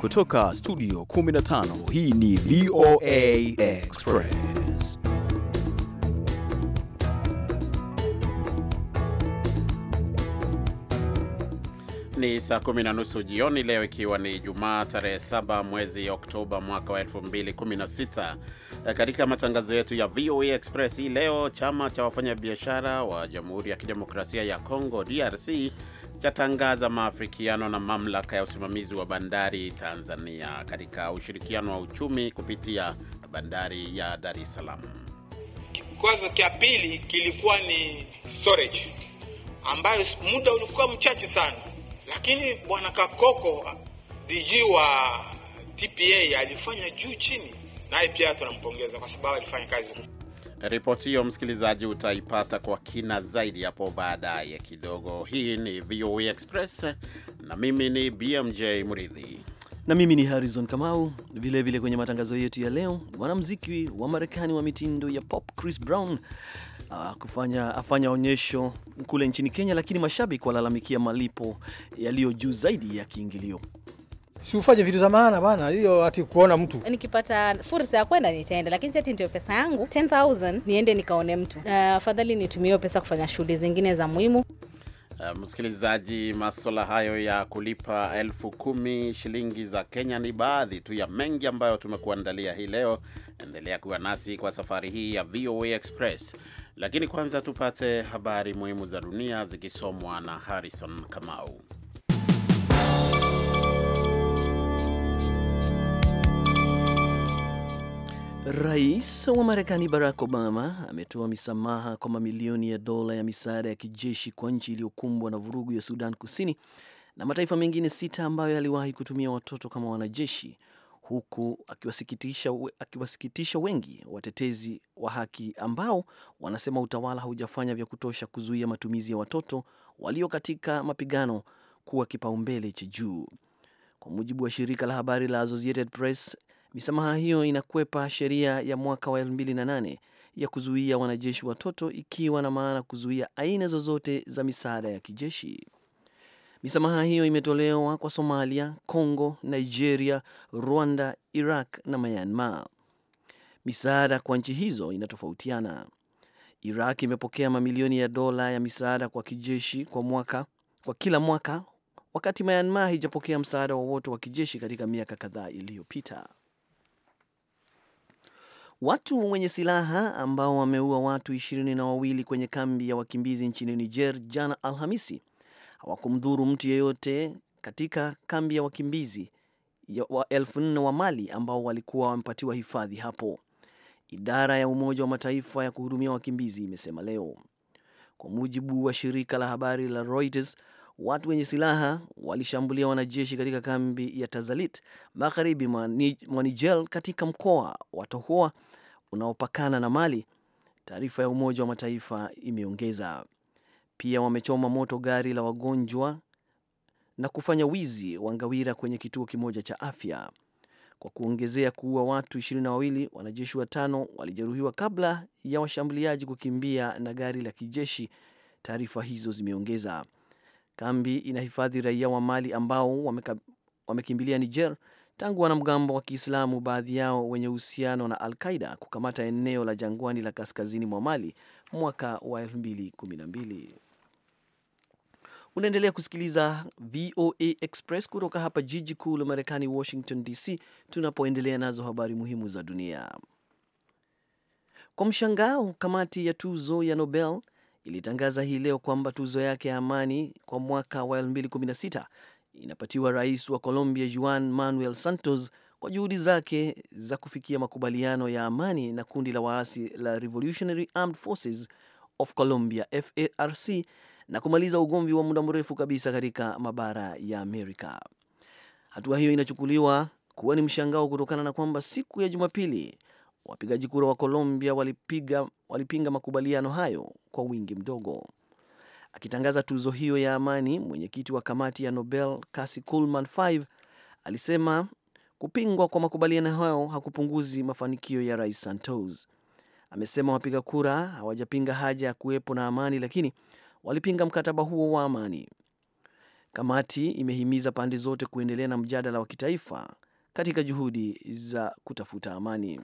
Kutoka studio 15 hii ni VOA Express. Ni saa kumi na nusu jioni leo, ikiwa ni Jumaa tarehe 7 mwezi Oktoba mwaka wa 2016. E, katika matangazo yetu ya VOA Express hii leo, chama cha wafanyabiashara wa Jamhuri ya Kidemokrasia ya Kongo DRC chatangaza maafikiano na mamlaka ya usimamizi wa bandari Tanzania katika ushirikiano wa uchumi kupitia bandari ya Dar es Salaam. Kikwazo cha pili kilikuwa ni storage ambayo muda ulikuwa mchache sana, lakini bwana Kakoko DG wa TPA alifanya juu chini, naye pia tunampongeza kwa sababu alifanya kazi kubwa. Ripoti hiyo msikilizaji, utaipata kwa kina zaidi hapo baadaye kidogo. Hii ni VOA Express na mimi ni BMJ Mridhi na mimi ni Harrison Kamau. Vilevile vile kwenye matangazo yetu ya leo, mwanamuziki wa Marekani wa mitindo ya pop Chris Brown ah, kufanya afanya onyesho kule nchini Kenya, lakini mashabiki walalamikia malipo yaliyo juu zaidi ya kiingilio. Si ufanye vitu za maana bana, hiyo ati kuona mtu. Nikipata fursa ya kwenda nitaenda, lakini si ati ndio pesa yangu 10000 niende nikaone mtu. Eh, afadhali uh, nitumie pesa kufanya shughuli zingine za muhimu. Uh, msikilizaji, maswala hayo ya kulipa elfu kumi shilingi za Kenya ni baadhi tu ya mengi ambayo tumekuandalia hii leo. Endelea kuwa nasi kwa safari hii ya VOA Express, lakini kwanza tupate habari muhimu za dunia zikisomwa na Harrison Kamau. Rais wa Marekani Barack Obama ametoa misamaha kwa mamilioni ya dola ya misaada ya kijeshi kwa nchi iliyokumbwa na vurugu ya Sudan Kusini na mataifa mengine sita ambayo yaliwahi kutumia watoto kama wanajeshi, huku akiwasikitisha, akiwasikitisha wengi watetezi wa haki ambao wanasema utawala haujafanya vya kutosha kuzuia matumizi ya watoto walio katika mapigano kuwa kipaumbele cha juu. Kwa mujibu wa shirika la habari la Associated Press, Misamaha hiyo inakwepa sheria ya mwaka wa 2008 ya kuzuia wanajeshi watoto, ikiwa na maana kuzuia aina zozote za misaada ya kijeshi. Misamaha hiyo imetolewa kwa Somalia, Congo, Nigeria, Rwanda, Iraq na Myanmar. Misaada kwa nchi hizo inatofautiana. Iraq imepokea mamilioni ya dola ya misaada kwa kijeshi kwa mwaka, kwa kila mwaka, wakati Myanmar haijapokea msaada wowote wa, wa kijeshi katika miaka kadhaa iliyopita. Watu wenye silaha ambao wameua watu ishirini na wawili kwenye kambi ya wakimbizi nchini Niger jana Alhamisi hawakumdhuru mtu yeyote katika kambi ya wakimbizi wa elfu nne wa Mali ambao walikuwa wamepatiwa hifadhi hapo, idara ya Umoja wa Mataifa ya kuhudumia wakimbizi imesema leo, kwa mujibu wa shirika la habari la Reuters. Watu wenye silaha walishambulia wanajeshi katika kambi ya Tazalit magharibi mwa Niger katika mkoa wa Tohoa unaopakana na Mali, taarifa ya Umoja wa Mataifa imeongeza. Pia wamechoma moto gari la wagonjwa na kufanya wizi wa ngawira kwenye kituo kimoja cha afya, kwa kuongezea kuua watu ishirini na wawili. Wanajeshi watano walijeruhiwa kabla ya washambuliaji kukimbia na gari la kijeshi, taarifa hizo zimeongeza. Kambi inahifadhi raia wa Mali ambao wamekimbilia wamekimbilia Niger tangu wanamgambo wa Kiislamu baadhi yao wenye uhusiano na Al-Qaida kukamata eneo la jangwani la kaskazini mwa Mali mwaka wa 2012. Unaendelea kusikiliza VOA Express kutoka hapa jiji kuu la Marekani, Washington DC, tunapoendelea nazo habari muhimu za dunia. Kwa mshangao, kamati ya tuzo ya Nobel ilitangaza hii leo kwamba tuzo yake ya amani kwa mwaka wa 2016 inapatiwa rais wa Colombia Juan Manuel Santos kwa juhudi zake za kufikia makubaliano ya amani na kundi la waasi la Revolutionary Armed Forces of Colombia FARC na kumaliza ugomvi wa muda mrefu kabisa katika mabara ya Amerika. Hatua hiyo inachukuliwa kuwa ni mshangao kutokana na kwamba siku ya Jumapili Wapigaji kura wa Colombia walipiga, walipinga makubaliano hayo kwa wingi mdogo. Akitangaza tuzo hiyo ya amani, mwenyekiti wa kamati ya Nobel Kasi Kulman Five alisema kupingwa kwa makubaliano hayo hakupunguzi mafanikio ya rais Santos. Amesema wapiga kura hawajapinga haja ya kuwepo na amani, lakini walipinga mkataba huo wa amani. Kamati imehimiza pande zote kuendelea na mjadala wa kitaifa katika juhudi za kutafuta amani.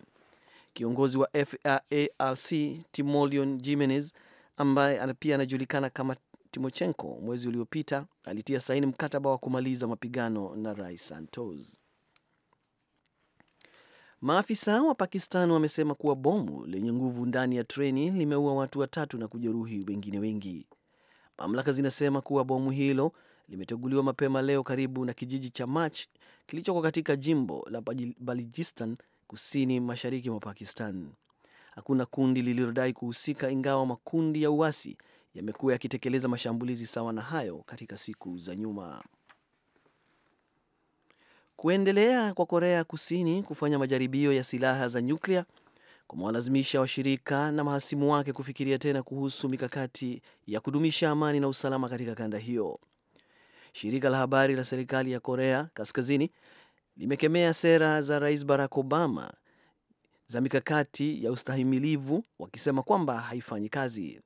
Kiongozi wa FARC Timoleon Jimenez, ambaye pia anajulikana kama Timochenko, mwezi uliopita alitia saini mkataba wa kumaliza mapigano na Rais Santos. Maafisa wa Pakistan wamesema kuwa bomu lenye nguvu ndani ya treni limeua watu watatu na kujeruhi wengine wengi. Mamlaka zinasema kuwa bomu hilo limeteguliwa mapema leo karibu na kijiji cha Mach kilichoko katika jimbo la Balojistan kusini mashariki mwa Pakistan. Hakuna kundi lililodai kuhusika, ingawa makundi ya uasi yamekuwa yakitekeleza mashambulizi sawa na hayo katika siku za nyuma. Kuendelea kwa Korea Kusini kufanya majaribio ya silaha za nyuklia kumewalazimisha washirika na mahasimu wake kufikiria tena kuhusu mikakati ya kudumisha amani na usalama katika kanda hiyo. Shirika la habari la serikali ya Korea Kaskazini limekemea sera za Rais Barack Obama za mikakati ya ustahimilivu, wakisema kwamba haifanyi kazi.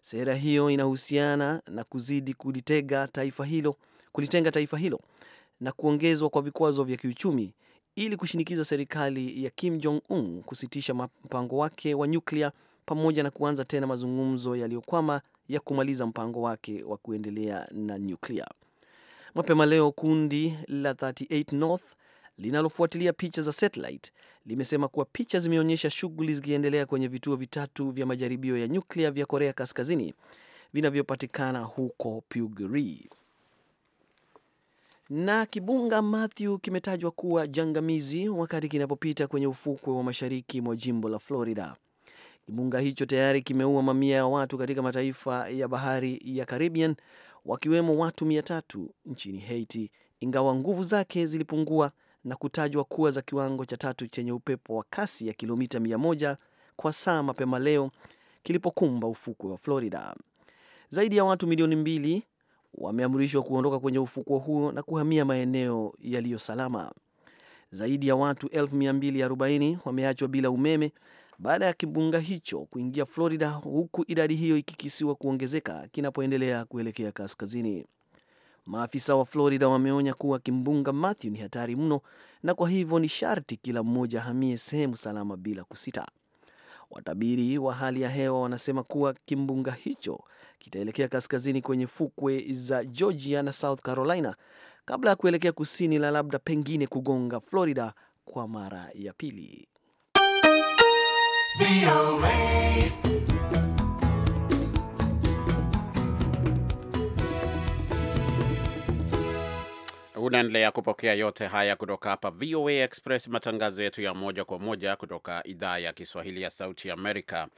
Sera hiyo inahusiana na kuzidi kulitega taifa hilo, kulitenga taifa hilo na kuongezwa kwa vikwazo vya kiuchumi ili kushinikiza serikali ya Kim Jong Un kusitisha mpango wake wa nyuklia pamoja na kuanza tena mazungumzo yaliyokwama ya kumaliza mpango wake wa kuendelea na nyuklia. Mapema leo kundi la 38 North linalofuatilia picha za satellite limesema kuwa picha zimeonyesha shughuli zikiendelea kwenye vituo vitatu vya majaribio ya nyuklia vya Korea Kaskazini vinavyopatikana huko Pugeri. Na kibunga Matthew kimetajwa kuwa jangamizi wakati kinapopita kwenye ufukwe wa mashariki mwa jimbo la Florida. Kibunga hicho tayari kimeua mamia ya watu katika mataifa ya bahari ya Caribbean, wakiwemo watu mia tatu nchini Haiti, ingawa nguvu zake zilipungua na kutajwa kuwa za kiwango cha tatu chenye upepo wa kasi ya kilomita 100 kwa saa mapema leo kilipokumba ufukwe wa Florida. Zaidi ya watu milioni mbili wameamrishwa kuondoka kwenye ufukwe huo na kuhamia maeneo yaliyo salama. Zaidi ya watu 240 wameachwa bila umeme baada ya kimbunga hicho kuingia Florida, huku idadi hiyo ikikisiwa kuongezeka kinapoendelea kuelekea kaskazini. Maafisa wa Florida wameonya kuwa kimbunga Matthew ni hatari mno, na kwa hivyo ni sharti kila mmoja ahamie sehemu salama bila kusita. Watabiri wa hali ya hewa wanasema kuwa kimbunga hicho kitaelekea kaskazini kwenye fukwe za Georgia na South Carolina kabla ya kuelekea kusini na labda pengine kugonga Florida kwa mara ya pili. Unaendelea kupokea yote haya kutoka hapa VOA Express, matangazo yetu ya moja kwa moja kutoka idhaa ya Kiswahili ya Sauti Amerika.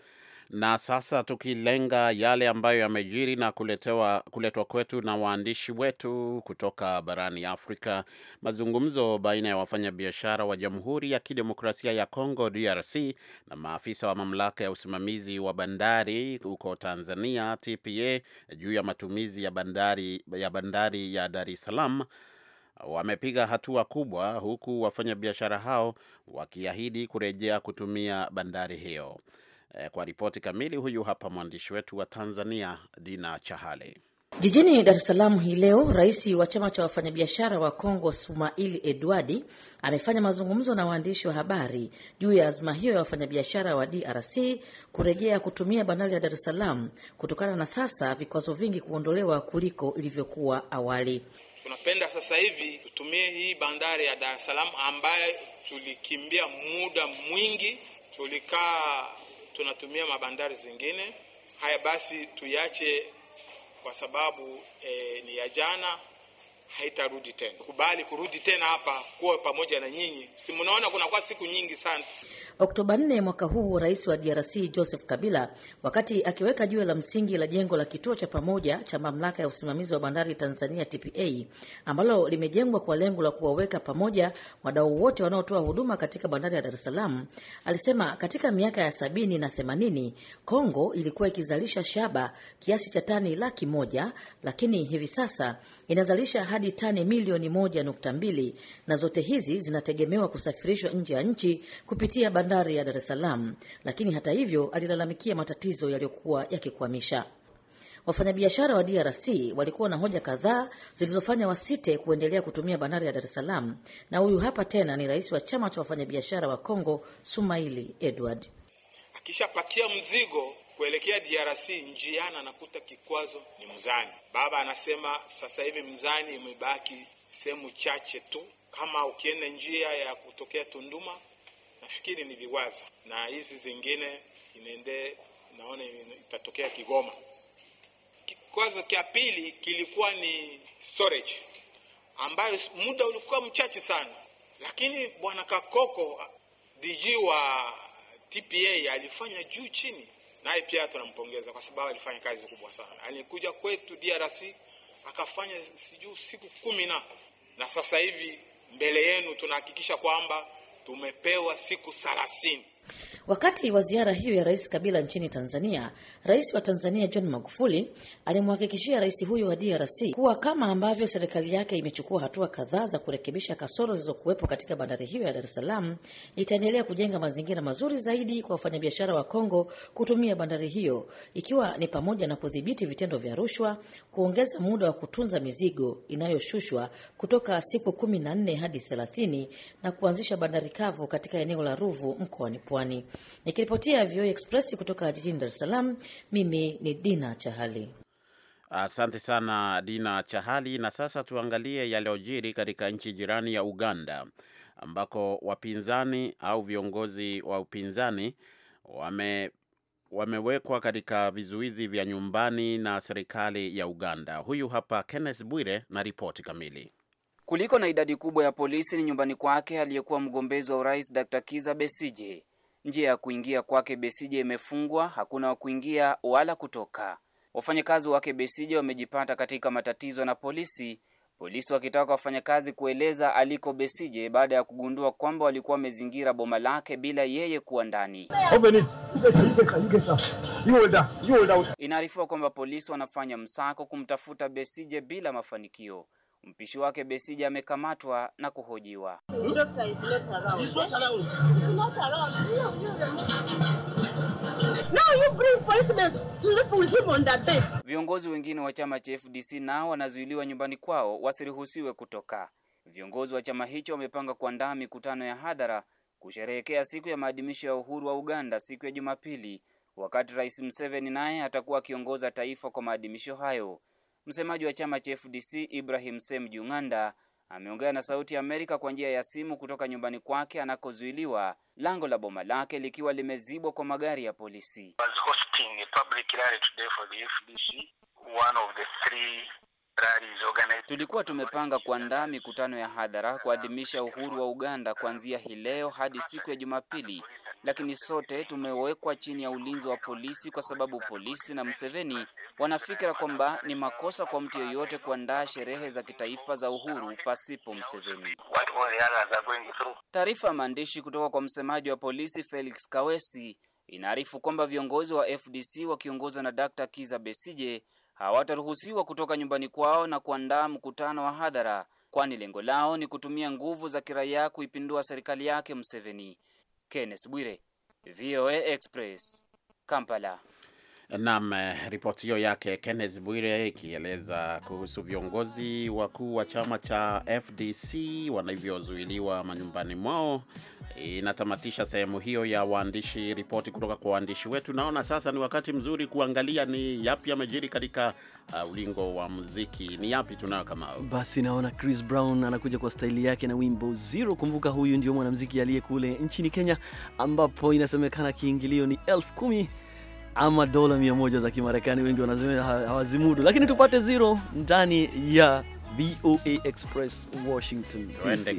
Na sasa tukilenga yale ambayo yamejiri na kuletewa, kuletwa kwetu na waandishi wetu kutoka barani Afrika. Mazungumzo baina ya wafanyabiashara wa Jamhuri ya Kidemokrasia ya congo DRC na maafisa wa mamlaka ya usimamizi wa bandari huko Tanzania TPA juu ya matumizi ya bandari ya bandari ya Dar es Salaam wamepiga hatua kubwa, huku wafanyabiashara hao wakiahidi kurejea kutumia bandari hiyo. E, kwa ripoti kamili, huyu hapa mwandishi wetu wa Tanzania, Dina chahale Jijini Dar es Salaam hii leo, rais wa chama cha wafanyabiashara wa Kongo Sumaili Edwadi amefanya mazungumzo na waandishi wa habari juu ya azma hiyo ya wafanyabiashara wa DRC kurejea kutumia bandari ya Dar es Salaam kutokana na sasa vikwazo vingi kuondolewa kuliko ilivyokuwa awali. Tunapenda sasa hivi tutumie hii bandari ya Dar es Salaam ambayo tulikimbia muda mwingi, tulikaa tunatumia mabandari zingine. Haya basi tuiache kwa sababu e, ni ya jana, haitarudi tena. Kubali kurudi tena hapa kuwa pamoja na nyinyi, si mnaona kunakuwa siku nyingi sana. Oktoba 4 mwaka huu, rais wa DRC Joseph Kabila, wakati akiweka jiwe la msingi la jengo la kituo cha pamoja cha mamlaka ya usimamizi wa bandari Tanzania TPA, ambalo limejengwa kwa lengo la kuwaweka pamoja wadau wote wanaotoa huduma katika bandari ya Dar es Salaam, alisema katika miaka ya sabini na themanini Kongo ilikuwa ikizalisha shaba kiasi cha tani laki moja lakini hivi sasa inazalisha hadi tani milioni moja nukta mbili na zote hizi zinategemewa kusafirishwa nje ya nchi kupitia bandari ya Dar es Salaam, lakini hata hivyo alilalamikia matatizo yaliyokuwa yakikwamisha wafanyabiashara wa DRC walikuwa na hoja kadhaa zilizofanya wasite kuendelea kutumia bandari ya Dar es Salaam, na huyu hapa tena ni rais wa chama cha wafanyabiashara wa Kongo, Sumaili Edward. Akishapakia mzigo kuelekea DRC, njiani anakuta kikwazo ni mzani. Baba anasema sasa hivi mzani imebaki sehemu chache tu, kama ukienda njia ya kutokea Tunduma nafikiri ni Viwaza na hizi zingine inaende, naona itatokea Kigoma. Kikwazo cha pili kilikuwa ni storage ambayo muda ulikuwa mchache sana, lakini bwana Kakoko DG wa TPA alifanya juu chini, naye pia tunampongeza kwa sababu alifanya kazi kubwa sana. Alikuja kwetu DRC akafanya sijuu siku kumi na na sasa hivi mbele yenu tunahakikisha kwamba tumepewa siku thelathini. Wakati wa ziara hiyo ya Rais Kabila nchini Tanzania, Rais wa Tanzania John Magufuli alimhakikishia rais huyo wa DRC kuwa kama ambavyo serikali yake imechukua hatua kadhaa za kurekebisha kasoro zilizokuwepo katika bandari hiyo ya Dar es Salaam, itaendelea kujenga mazingira mazuri zaidi kwa wafanyabiashara wa Kongo kutumia bandari hiyo, ikiwa ni pamoja na kudhibiti vitendo vya rushwa, kuongeza muda wa kutunza mizigo inayoshushwa kutoka siku kumi na nne hadi thelathini na kuanzisha bandari kavu katika eneo la Ruvu mkoani Pwani. Nikiripotia VOA Express kutoka jijini Dar es Salaam, mimi ni Dina Chahali. Asante sana Dina Chahali. Na sasa tuangalie yaliyojiri katika nchi jirani ya Uganda, ambako wapinzani au viongozi wa upinzani wame wamewekwa katika vizuizi vya nyumbani na serikali ya Uganda. Huyu hapa Kenneth Bwire na ripoti kamili. Kuliko na idadi kubwa ya polisi ni nyumbani kwake aliyekuwa mgombezi wa urais Dr. Kiza besiji Njia ya kuingia kwake besije imefungwa, hakuna wa kuingia wala kutoka. Wafanyakazi wake besije wamejipata katika matatizo na polisi, polisi wakitaka wafanyakazi kueleza aliko besije baada ya kugundua kwamba walikuwa wamezingira boma lake bila yeye kuwa ndani. Inaarifiwa kwamba polisi wanafanya msako kumtafuta besije bila mafanikio. Mpishi wake Besija amekamatwa na kuhojiwa. Viongozi wengine wa chama cha FDC nao wanazuiliwa nyumbani kwao wasiruhusiwe kutoka. Viongozi wa chama hicho wamepanga kuandaa mikutano ya hadhara kusherehekea siku ya maadhimisho ya uhuru wa Uganda siku ya Jumapili, wakati Rais Museveni naye atakuwa akiongoza taifa kwa maadhimisho hayo. Msemaji wa chama cha FDC Ibrahim sem junganda ameongea na Sauti ya Amerika kwa njia ya simu kutoka nyumbani kwake anakozuiliwa, lango la boma lake likiwa limezibwa kwa magari ya polisi. Tulikuwa tumepanga kuandaa mikutano ya hadhara kuadhimisha uhuru wa Uganda kuanzia hii leo hadi siku ya Jumapili, lakini sote tumewekwa chini ya ulinzi wa polisi kwa sababu polisi na Museveni wanafikira kwamba ni makosa kwa mtu yeyote kuandaa sherehe za kitaifa za uhuru pasipo Museveni. Taarifa ya maandishi kutoka kwa msemaji wa polisi Felix Kawesi inaarifu kwamba viongozi wa FDC wakiongozwa na Dr. Kiza Besije hawataruhusiwa kutoka nyumbani kwao na kuandaa mkutano wa hadhara, kwani lengo lao ni kutumia nguvu za kiraia kuipindua serikali yake Museveni. Kenneth Bwire, VOA Express, Kampala. Naam, eh, ripoti hiyo yake Kenneth Bwire ikieleza kuhusu viongozi wakuu wa chama cha FDC wanavyozuiliwa manyumbani mwao. Inatamatisha sehemu hiyo ya waandishi, ripoti kutoka kwa waandishi wetu. Naona sasa ni wakati mzuri kuangalia ni yapi yamejiri katika uh, ulingo wa muziki. Ni yapi tunayo kama basi? Naona Chris Brown anakuja kwa staili yake na wimbo Zero. Kumbuka huyu ndio mwanamuziki aliye kule nchini Kenya, ambapo inasemekana kiingilio ni elfu kumi ama dola moja za Kimarekani. Wengi wanasema hawazimudu, lakini tupate zero ndani ya VOA Express Washington DC.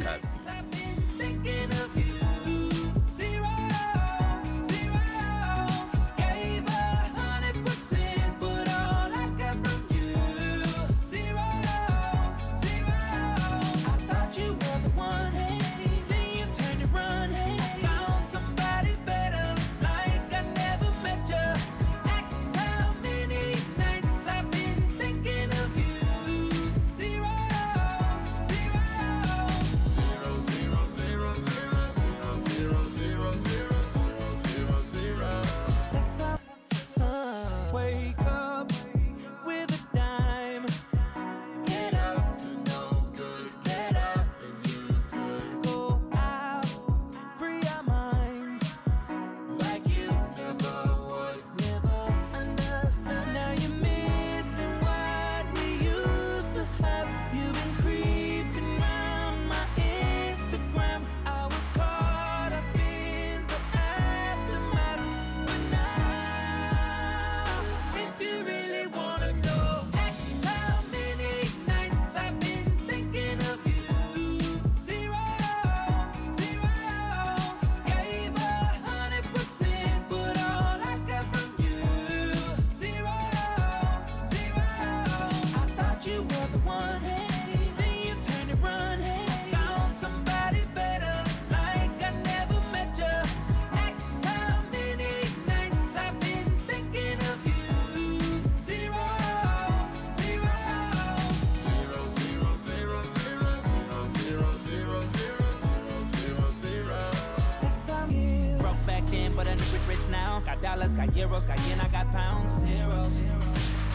cash now. Got dollars, got euros, got yen, I got pounds, zeros.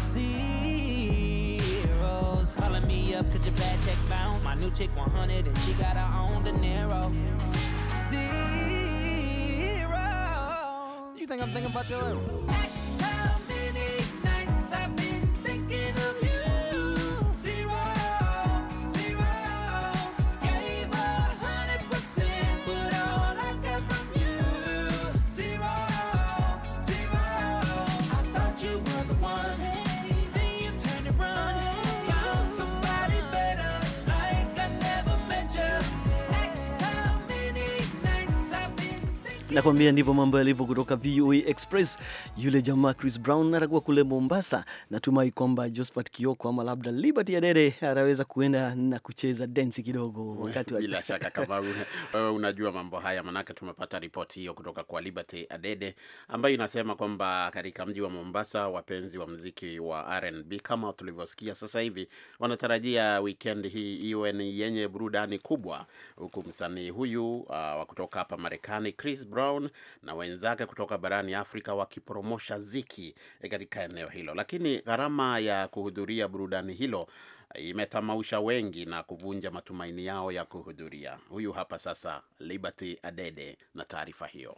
Zeros. Calling me up, cause your bad check bounce. My new chick 100 and she got her own dinero. Niro. Zero. You think I'm thinking about your Nakwambia ndivyo mambo yalivyo kutoka VOA Express. Yule jamaa Chris Brown atakuwa kule Mombasa. Natumai kwamba Josephat Kioko ama labda Liberty Adede ataweza kuenda na kucheza densi kidogo wakati bila shaka kama wewe unajua mambo haya, manake tumepata ripoti hiyo kutoka kwa Liberty Adede ambayo inasema kwamba katika mji wa Mombasa wapenzi wa mziki wa R&B kama tulivyosikia sasa hivi wanatarajia wikendi hii iwe ni yenye burudani kubwa, huku msanii huyu uh, wa kutoka hapa Marekani Chris Brown Brown na wenzake kutoka barani Afrika wakipromosha ziki eh, katika eneo hilo, lakini gharama ya kuhudhuria burudani hilo eh, imetamausha wengi na kuvunja matumaini yao ya kuhudhuria. Huyu hapa sasa Liberty Adede na taarifa hiyo.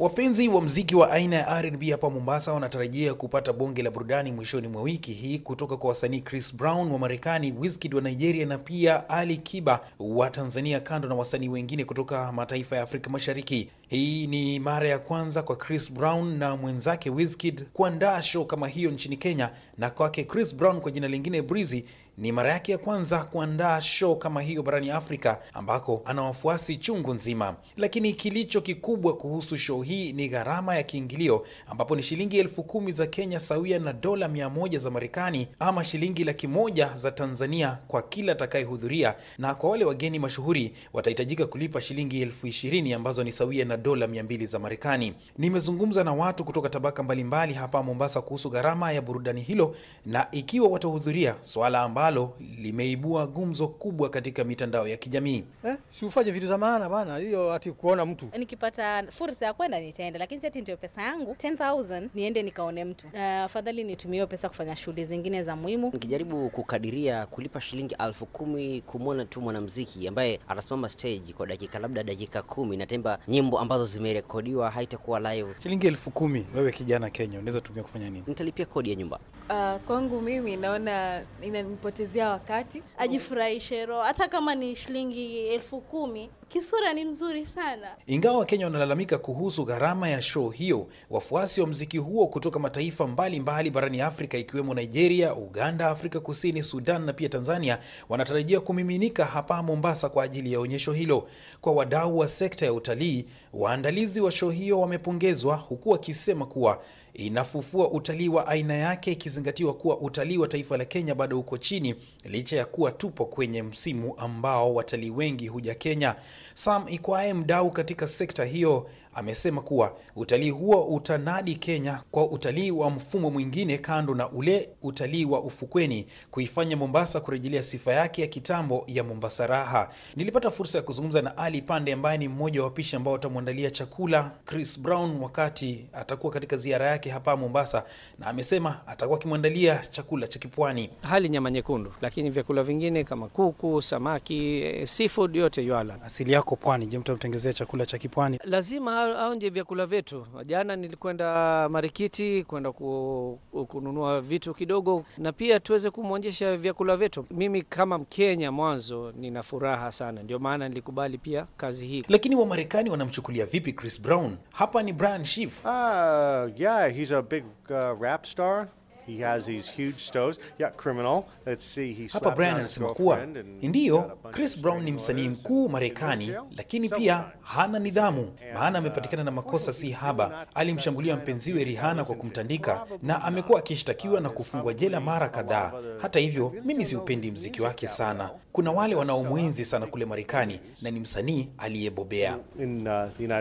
Wapenzi wa mziki wa aina ya R&B hapa Mombasa wanatarajia kupata bonge la burudani mwishoni mwa wiki hii kutoka kwa wasanii Chris Brown wa Marekani, Wizkid wa Nigeria na pia Ali Kiba wa Tanzania, kando na wasanii wengine kutoka mataifa ya Afrika Mashariki. Hii ni mara ya kwanza kwa Chris Brown na mwenzake Wizkid kuandaa show kama hiyo nchini Kenya, na kwake Chris Brown kwa jina lingine Breezy ni mara yake ya kwanza kuandaa show kama hiyo barani Afrika ambako ana wafuasi chungu nzima. Lakini kilicho kikubwa kuhusu show hii ni gharama ya kiingilio ambapo ni shilingi elfu kumi za Kenya sawia na dola mia moja za Marekani ama shilingi laki moja za Tanzania kwa kila atakayehudhuria, na kwa wale wageni mashuhuri watahitajika kulipa shilingi elfu ishirini ambazo ni sawia na dola mia mbili za Marekani. Nimezungumza na watu kutoka tabaka mbalimbali hapa Mombasa kuhusu gharama ya burudani hilo na ikiwa watahudhuria, swala ambalo ambalo limeibua gumzo kubwa katika mitandao ya kijamii. Eh, si ufanye vitu za maana bana, hiyo ati kuona mtu. Eh, nikipata fursa ya kwenda nitaenda, lakini si ati ndio pesa yangu 10000 niende nikaone mtu. Eh, afadhali uh, nitumie pesa kufanya shughuli zingine za muhimu. Nikijaribu kukadiria kulipa shilingi elfu kumi kumwona tu mwanamuziki ambaye anasimama stage kwa dakika labda dakika kumi natemba nyimbo ambazo zimerekodiwa, haitakuwa live. Shilingi elfu kumi wewe kijana Kenya unaweza tumia kufanya nini? Nitalipia kodi ya nyumba. Uh, kwangu mimi naona inanipa kujipotezea wakati, ajifurahishe roho, hata kama ni shilingi elfu kumi. Kisura ni mzuri sana. Ingawa Wakenya wanalalamika kuhusu gharama ya show hiyo, wafuasi wa mziki huo kutoka mataifa mbalimbali mbali barani Afrika ikiwemo Nigeria, Uganda, Afrika Kusini, Sudan na pia Tanzania wanatarajia kumiminika hapa Mombasa kwa ajili ya onyesho hilo. Kwa wadau wa sekta ya utalii, waandalizi wa show hiyo wamepongezwa huku wakisema kuwa inafufua utalii wa aina yake ikizingatiwa kuwa utalii wa taifa la Kenya bado uko chini licha ya kuwa tupo kwenye msimu ambao watalii wengi huja Kenya. Sam Ikwae, mdau katika sekta hiyo, amesema kuwa utalii huo utanadi Kenya kwa utalii wa mfumo mwingine kando na ule utalii wa ufukweni, kuifanya Mombasa kurejelea sifa yake ya kitambo ya Mombasa raha. Nilipata fursa ya kuzungumza na Ali Pande ambaye ni mmoja wa wapishi ambao watamwandalia chakula Chris Brown wakati atakuwa katika ziara yake hapa Mombasa, na amesema atakuwa akimwandalia chakula cha kipwani, hali nyama nyekundu, lakini vyakula vingine kama kuku, samaki, eh, seafood yote yuala. Asili yako pwani, je, mtamtengezea chakula cha kipwani? Lazima au ndio vyakula vyetu. Jana nilikwenda marikiti kwenda ku, kununua vitu kidogo, na pia tuweze kumwonyesha vyakula vyetu. Mimi kama Mkenya mwanzo, nina furaha sana, ndio maana nilikubali pia kazi hii. Lakini Wamarekani wanamchukulia vipi Chris Brown? Hapa ni Brian Schiff. Uh, ah, yeah, he's a big uh, rap star He has these huge stoves. Yeah, criminal. Let's see, he hapa Brian anasema kuwa ndiyo, Chris Brown ni msanii mkuu Marekani, lakini pia hana nidhamu, maana uh, amepatikana na makosa si haba. Alimshambulia mpenziwe Rihanna kwa kumtandika na amekuwa akishtakiwa uh, na kufungwa jela mara kadhaa. Hata hivyo, mimi siupendi mziki wake sana. Kuna wale wanaomwenzi sana kule Marekani na ni msanii aliyebobea. Uh,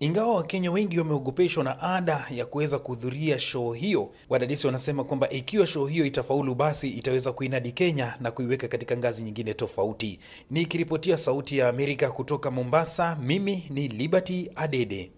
Ingawa Wakenya wengi wameogopeshwa na ada ya kuweza kuhudhuria show hiyo, Wadadisi wanasema kwamba ikiwa show hiyo itafaulu, basi itaweza kuinadi Kenya na kuiweka katika ngazi nyingine tofauti. Nikiripotia Sauti ya Amerika kutoka Mombasa, mimi ni Liberty Adede.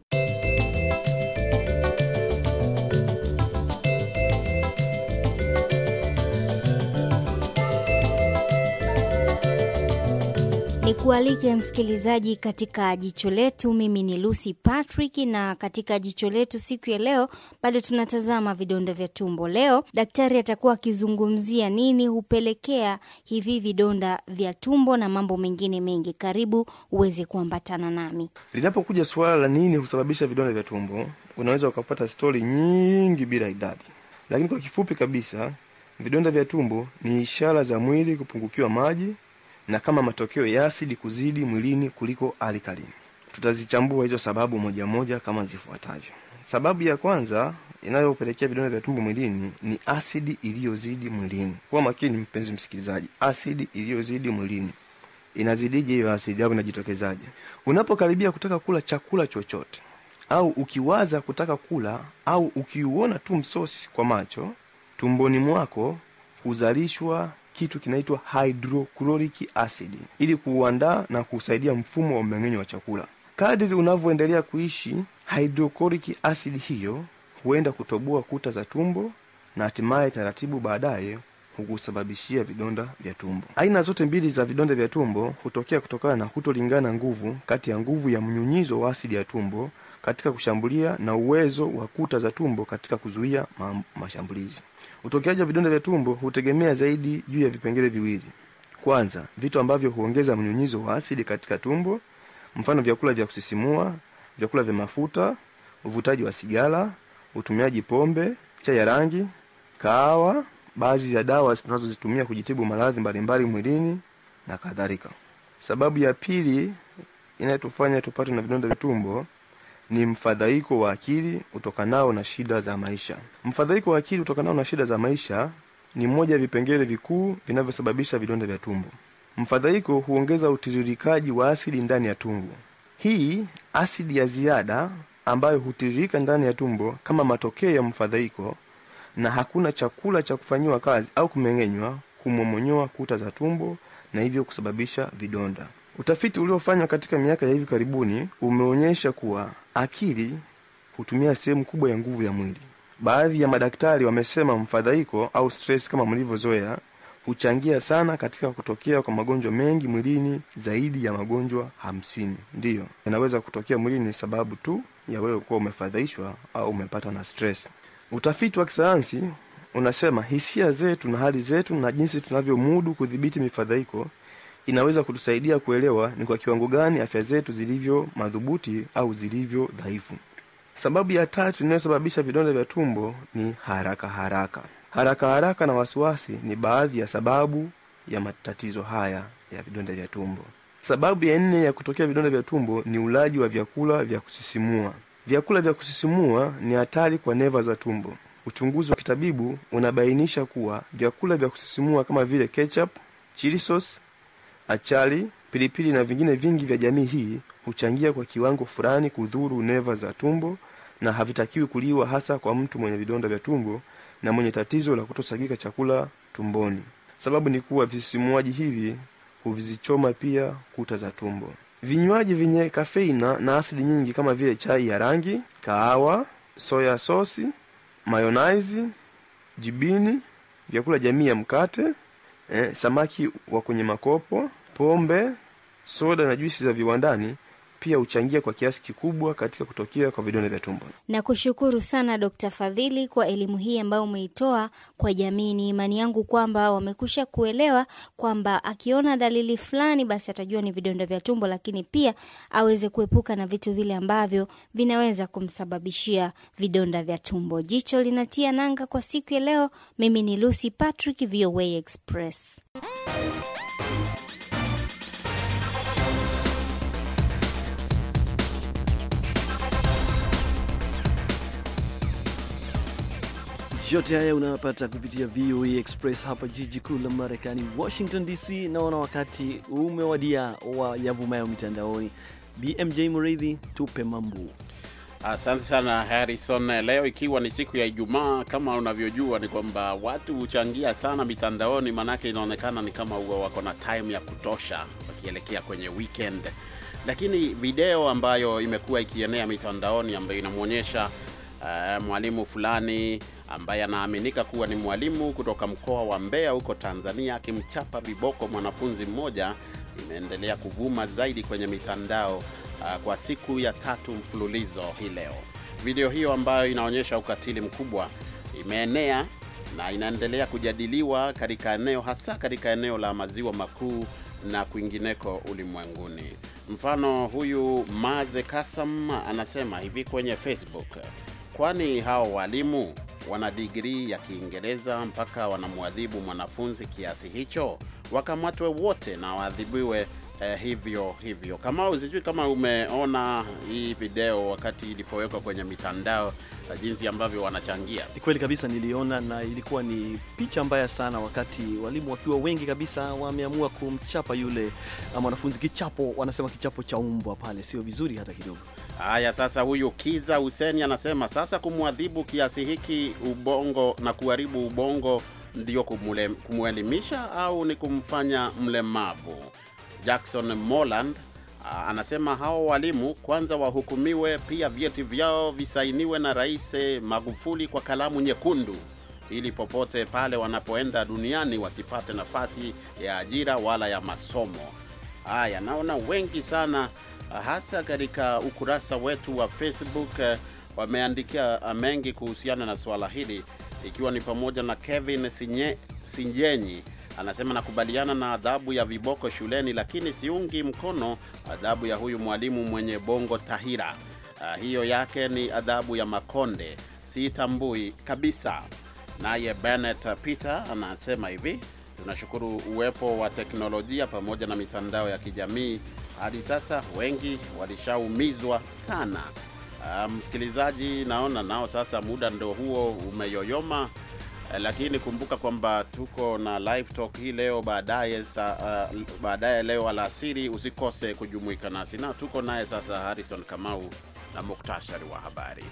kualike msikilizaji katika jicho letu. Mimi ni Lucy Patrick, na katika jicho letu siku ya leo bado tunatazama vidonda vya tumbo. Leo daktari atakuwa akizungumzia nini hupelekea hivi vidonda vya tumbo na mambo mengine mengi. Karibu uweze kuambatana nami. Linapokuja suala la nini husababisha vidonda vya tumbo, unaweza ukapata stori nyingi bila idadi, lakini kwa kifupi kabisa, vidonda vya tumbo ni ishara za mwili kupungukiwa maji na kama matokeo ya asidi kuzidi mwilini kuliko alikalini Tutazichambua hizo sababu moja moja kama zifuatavyo. Sababu ya kwanza inayopelekea vidonda vya tumbo mwilini ni asidi iliyozidi mwilini. Kuwa makini mpenzi msikilizaji, asidi iliyozidi mwilini inazidije hiyo asidi au inajitokezaje? Unapokaribia kutaka kula chakula chochote au ukiwaza kutaka kula au ukiuona tu msosi kwa macho, tumboni mwako huzalishwa kitu kinaitwa hydrochloric acid ili kuuandaa na kusaidia mfumo wa mmeng'enyo wa chakula. Kadri unavyoendelea kuishi, hydrochloric acid hiyo huenda kutoboa kuta za tumbo na hatimaye taratibu baadaye hukusababishia vidonda vya tumbo. Aina zote mbili za vidonda vya tumbo hutokea kutokana na kutolingana nguvu kati ya nguvu ya mnyunyizo wa asidi ya tumbo katika kushambulia na uwezo wa kuta za tumbo katika kuzuia mashambulizi. Utokeaji wa vidonda vya tumbo hutegemea zaidi juu ya vipengele viwili. Kwanza, vitu ambavyo huongeza mnyunyizo wa asidi katika tumbo, mfano vyakula vya kusisimua, vyakula vya mafuta, uvutaji wa sigara, utumiaji pombe, chai ya rangi, kahawa, baadhi ya dawa tunazozitumia kujitibu maradhi mbalimbali mwilini na kadhalika. Sababu ya pili inayotufanya tupatwe na vidonda vya tumbo ni mfadhaiko wa akili utokanao na shida za maisha. Mfadhaiko wa akili utokanao na shida za maisha ni mmoja ya vipengele vikuu vinavyosababisha vidonda vya tumbo. Mfadhaiko huongeza utiririkaji wa asidi ndani ya tumbo. Hii asidi ya ziada ambayo hutiririka ndani ya tumbo kama matokeo ya mfadhaiko, na hakuna chakula cha kufanyiwa kazi au kumeng'enywa, kumomonyoa kuta za tumbo na hivyo kusababisha vidonda. Utafiti uliofanywa katika miaka ya hivi karibuni umeonyesha kuwa akili hutumia sehemu kubwa ya nguvu ya mwili. Baadhi ya madaktari wamesema mfadhaiko au stress kama mlivyozoea huchangia sana katika kutokea kwa magonjwa mengi mwilini, zaidi ya magonjwa hamsini ndiyo yanaweza kutokea mwilini sababu tu ya wewe kuwa umefadhaishwa au umepatwa na stress. Utafiti wa kisayansi unasema hisia zetu na hali zetu na jinsi tunavyomudu kudhibiti mifadhaiko inaweza kutusaidia kuelewa ni kwa kiwango gani afya zetu zilivyo madhubuti au zilivyo dhaifu. Sababu ya tatu inayosababisha vidonda vya tumbo ni haraka haraka. Haraka haraka na wasiwasi ni baadhi ya sababu ya matatizo haya ya vidonda vya tumbo. Sababu ya nne ya kutokea vidonda vya tumbo ni ulaji wa vyakula vya kusisimua. Vyakula vya kusisimua ni hatari kwa neva za tumbo. Uchunguzi wa kitabibu unabainisha kuwa vyakula vya kusisimua kama vile ketchup, chili sauce, achari, pilipili na vingine vingi vya jamii hii huchangia kwa kiwango fulani kudhuru neva za tumbo na havitakiwi kuliwa, hasa kwa mtu mwenye vidonda vya tumbo na mwenye tatizo la kutosagika chakula tumboni. Sababu ni kuwa visimuaji hivi huvizichoma pia kuta za tumbo. Vinywaji vyenye kafeina na asidi nyingi kama vile chai ya rangi, kahawa, soya sosi, mayonaizi, jibini, vyakula jamii ya mkate, eh, samaki wa kwenye makopo Pombe, soda na juisi za viwandani pia huchangia kwa kiasi kikubwa katika kutokea kwa vidonda vya tumbo. Na kushukuru sana Dokta Fadhili kwa elimu hii ambayo umeitoa kwa jamii. Ni imani yangu kwamba wamekusha kuelewa kwamba akiona dalili fulani, basi atajua ni vidonda vya tumbo, lakini pia aweze kuepuka na vitu vile ambavyo vinaweza kumsababishia vidonda vya tumbo. Jicho linatia nanga kwa siku ya leo. Mimi ni Lucy Patrick, VOA Express. Yote haya unayopata kupitia VOA Express hapa jiji kuu la Marekani, Washington DC. Naona wakati umewadia wa yavumayo mitandaoni. BMJ Mridhi, tupe mambo. Asante sana Harrison. Leo ikiwa ni siku ya Ijumaa, kama unavyojua ni kwamba watu huchangia sana mitandaoni, maanake inaonekana ni kama huwa wako na time ya kutosha wakielekea kwenye weekend, lakini video ambayo imekuwa ikienea mitandaoni ambayo inamwonyesha uh, mwalimu fulani ambaye anaaminika kuwa ni mwalimu kutoka mkoa wa Mbeya huko Tanzania akimchapa viboko mwanafunzi mmoja, imeendelea kuvuma zaidi kwenye mitandao uh, kwa siku ya tatu mfululizo hii leo. Video hiyo ambayo inaonyesha ukatili mkubwa imeenea na inaendelea kujadiliwa katika eneo hasa katika eneo la maziwa makuu na kwingineko ulimwenguni. Mfano, huyu Maze Kasam anasema hivi kwenye Facebook: kwani hao walimu wana digrii ya Kiingereza mpaka wanamwadhibu mwanafunzi kiasi hicho? Wakamatwe wote na waadhibiwe eh, hivyo hivyo. Kama sijui kama umeona hii video wakati ilipowekwa kwenye mitandao eh, jinsi ambavyo wanachangia. Ni kweli kabisa, niliona na ilikuwa ni picha mbaya sana, wakati walimu wakiwa wengi kabisa wameamua kumchapa yule eh, mwanafunzi kichapo, wanasema kichapo cha umbwa pale, sio vizuri hata kidogo. Haya, sasa huyu Kiza Huseni anasema sasa kumwadhibu kiasi hiki ubongo na kuharibu ubongo ndio kumwelimisha au ni kumfanya mlemavu? Jackson Moland anasema hao walimu kwanza wahukumiwe, pia vyeti vyao visainiwe na Rais Magufuli kwa kalamu nyekundu, ili popote pale wanapoenda duniani wasipate nafasi ya ajira wala ya masomo. Haya, naona wengi sana hasa katika ukurasa wetu wa Facebook eh, wameandikia eh, mengi kuhusiana na swala hili, ikiwa ni pamoja na Kevin Sinye, Sinjenyi anasema nakubaliana na adhabu ya viboko shuleni, lakini siungi mkono adhabu ya huyu mwalimu mwenye bongo tahira. Uh, hiyo yake ni adhabu ya makonde, tambui kabisa. Naye Bennett Peter anasema hivi, tunashukuru uwepo wa teknolojia pamoja na mitandao ya kijamii hadi sasa wengi walishaumizwa sana. Uh, msikilizaji, naona nao sasa muda ndo huo umeyoyoma, uh, lakini kumbuka kwamba tuko na live talk hii leo baadaye, uh, baadaye leo alasiri. Usikose kujumuika nasi, na tuko naye sasa Harrison Kamau na muktasari wa habari.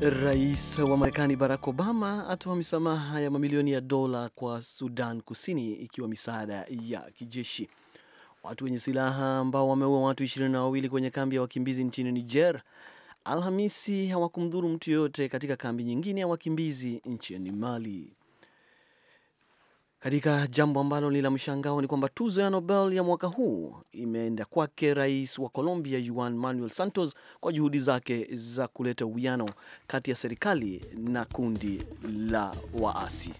Rais wa Marekani Barack Obama atoa misamaha ya mamilioni ya dola kwa Sudan Kusini ikiwa misaada ya kijeshi. Watu wenye silaha ambao wameua watu ishirini na wawili kwenye kambi ya wakimbizi nchini Niger Alhamisi hawakumdhuru mtu yoyote katika kambi nyingine ya wakimbizi nchini Mali. Katika jambo ambalo ni la mshangao ni kwamba tuzo ya Nobel ya mwaka huu imeenda kwake rais wa Colombia Juan Manuel Santos kwa juhudi zake za kuleta uwiano kati ya serikali na kundi la waasi.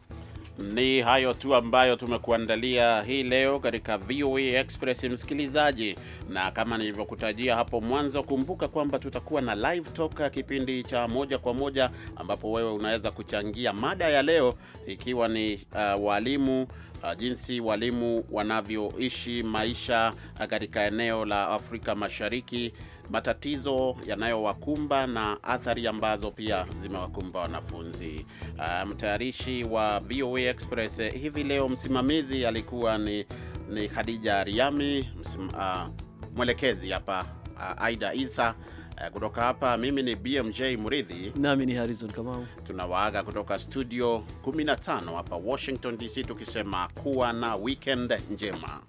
Ni hayo tu ambayo tumekuandalia hii leo katika VOA Express, msikilizaji, na kama nilivyokutajia hapo mwanzo, kumbuka kwamba tutakuwa na live talk, kipindi cha moja kwa moja, ambapo wewe unaweza kuchangia mada ya leo, ikiwa ni uh, walimu uh, jinsi walimu wanavyoishi maisha katika eneo la Afrika Mashariki matatizo yanayowakumba na athari ambazo pia zimewakumba wanafunzi. Uh, mtayarishi wa VOA Express eh, hivi leo, msimamizi alikuwa ni, ni Khadija Riami, msim, uh, mwelekezi hapa uh, Aida Isa eh, kutoka hapa, mimi ni BMJ Muridhi nami ni Harrison Kamau. Tunawaaga kutoka studio 15 hapa Washington DC, tukisema kuwa na weekend njema.